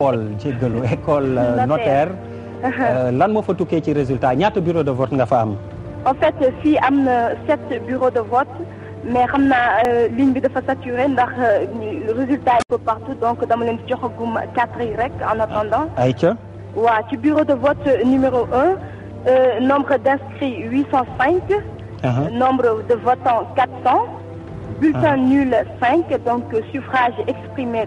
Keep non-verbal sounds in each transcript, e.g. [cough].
école jéggalu [laughs] école euh, notaire [laughs] euh, lan moo fa tukkee ci résultat ñaata bureau de vote nga fa am en fait fii am na sept bureau de vote mais xam na euh, ligne bi dafa saturé ndax résultat yi ko partout donc dama leen di joxagum quatre yi rek en attendant ayca waaw ci bureau de vote numéro un nombre d'inscrits uh-huh. nombre de votants quatre uh-huh. nul cinq donc suffrage exprimé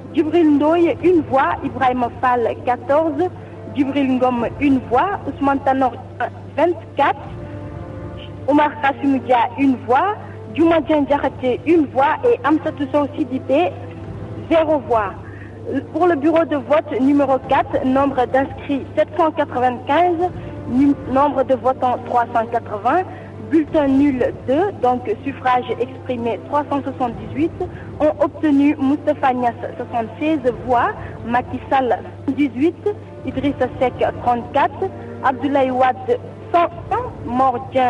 Djibril Ndoye une voix Ibrahima Fall 14 Djibril Ngom une voix Ousmane Tanor 24 Omar Kassim Dia une voix Diouma Dieng Diakhaté une voix et Amsatou Sow zéro voix pour le bureau de vote numéro nombre d'inscrits 795 nombre de votants bulletin nul 2, donc suffrage exprimé 378, ont obtenu Moustapha Nias 76 voix, Macky Sall 18, Idrissa Seck 34, Abdoulaye Wade 100, Mordien